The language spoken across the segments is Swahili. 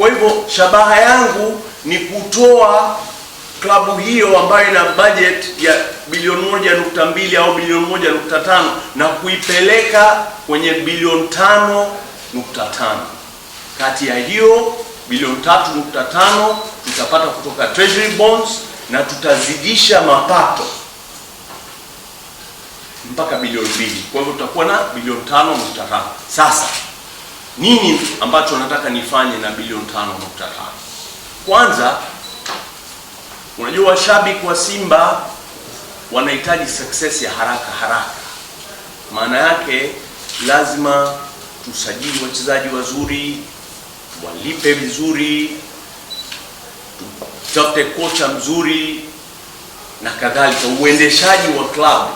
Kwa hivyo shabaha yangu ni kutoa klabu hiyo ambayo ina budget ya bilioni moja nukta mbili au bilioni moja nukta tano na kuipeleka kwenye bilioni tano nukta tano. Kati ya hiyo bilioni tatu nukta tano tutapata kutoka treasury bonds na tutazidisha mapato mpaka bilioni mbili. Kwa hivyo tutakuwa na bilioni tano nukta tano sasa nini ambacho nataka nifanye na bilioni tano nukta tano? Kwanza, unajua washabiki wa Simba wanahitaji success ya haraka haraka. Maana yake lazima tusajili wachezaji wazuri, walipe vizuri, tutafute kocha mzuri na kadhalika, uendeshaji wa klabu.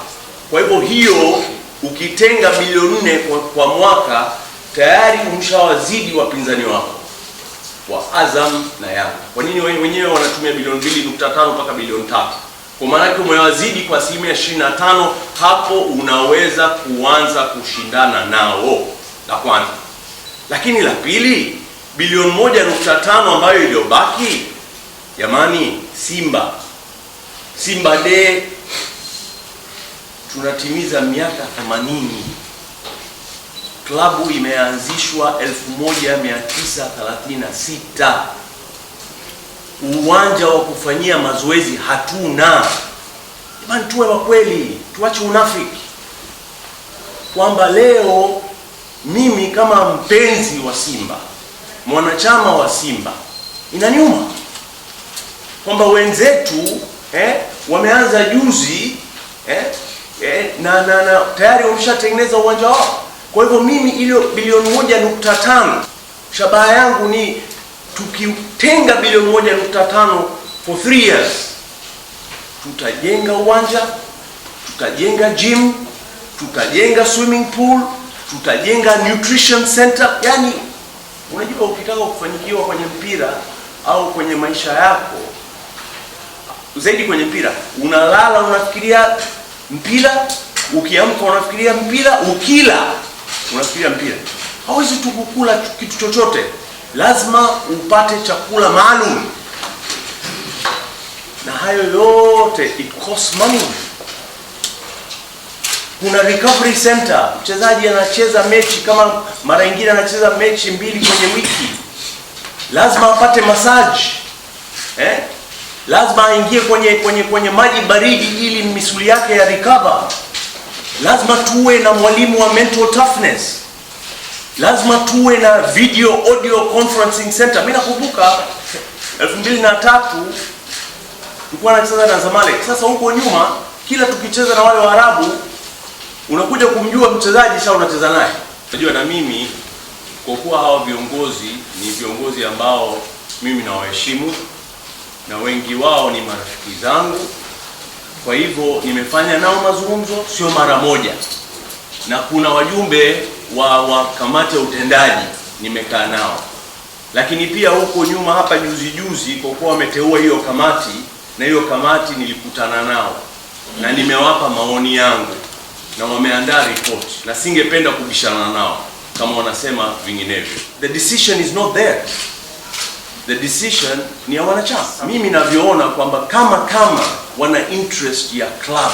Kwa hivyo hiyo ukitenga bilioni nne kwa, kwa mwaka tayari umshawazidi wapinzani wako wa Azam na Yanga. Kwa nini wenyewe wanatumia bilioni tano mpaka bilioni tatu? Kwa maana yake umewazidi kwa asilimia tano hapo unaweza kuanza kushindana nao, la kwanza. Lakini la pili, bilioni nukta tano ambayo iliyobaki, jamani, Simba Simba de tunatimiza miaka themanini klabu imeanzishwa 1936. Uwanja wa kufanyia mazoezi hatuna. Jamani, tuwe wa kweli, tuache unafiki kwamba leo mimi kama mpenzi wa Simba, mwanachama wa Simba, inaniuma kwamba wenzetu eh, wameanza juzi eh, eh, na, na, na tayari wameshatengeneza uwanja wao kwa hivyo mimi ile bilioni moja nukta tano shabaha yangu ni tukitenga bilioni moja nukta tano for three years, tutajenga uwanja, tutajenga gym, tutajenga swimming pool, tutajenga nutrition center. Yani unajua ukitaka kufanikiwa kwenye mpira au kwenye maisha yako zaidi kwenye mpira, unalala unafikiria mpira, ukiamka unafikiria mpira, ukila unafikiria mpira, hawezi tu kukula kitu chochote, lazima upate chakula maalum, na hayo yote it costs money. Kuna recovery center, mchezaji anacheza mechi kama mara nyingine anacheza mechi mbili kwenye wiki, lazima apate massage eh? lazima aingie kwenye kwenye kwenye maji baridi ili misuli yake ya recover Lazima tuwe na mwalimu wa mental toughness. Lazima tuwe na video audio conferencing center. Mimi nakumbuka 2003 tulikuwa nacheza na Zamalek. Sasa huko nyuma kila tukicheza na wale wa arabu unakuja kumjua mchezaji sasa unacheza naye. Unajua na mimi kwa kuwa hawa viongozi ni viongozi ambao mimi nawaheshimu na wengi wao ni marafiki zangu. Kwa hivyo nimefanya nao mazungumzo, sio mara moja, na kuna wajumbe wa, wa kamati ya utendaji nimekaa nao, lakini pia huko nyuma hapa juzi juzi, kwa kuwa wameteua hiyo kamati, na hiyo kamati nilikutana nao na nimewapa maoni yangu na wameandaa ripoti, na singependa kubishana nao kama wanasema vinginevyo. The decision is not there the decision ni ya wanachama. Mimi navyoona kwamba kama kama wana interest ya club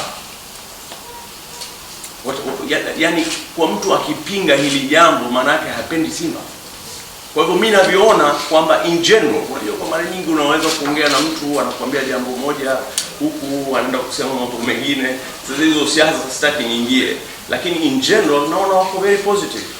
What, what, ya, yani kwa mtu akipinga hili jambo maana yake hapendi Simba. Kwa hivyo mimi navyoona kwamba in general, unajua kwa mara nyingi unaweza kuongea na mtu anakuambia jambo moja huku anaenda kusema mambo mengine. Sasa hizo siasa sitaki niingie, lakini in general naona wako very positive.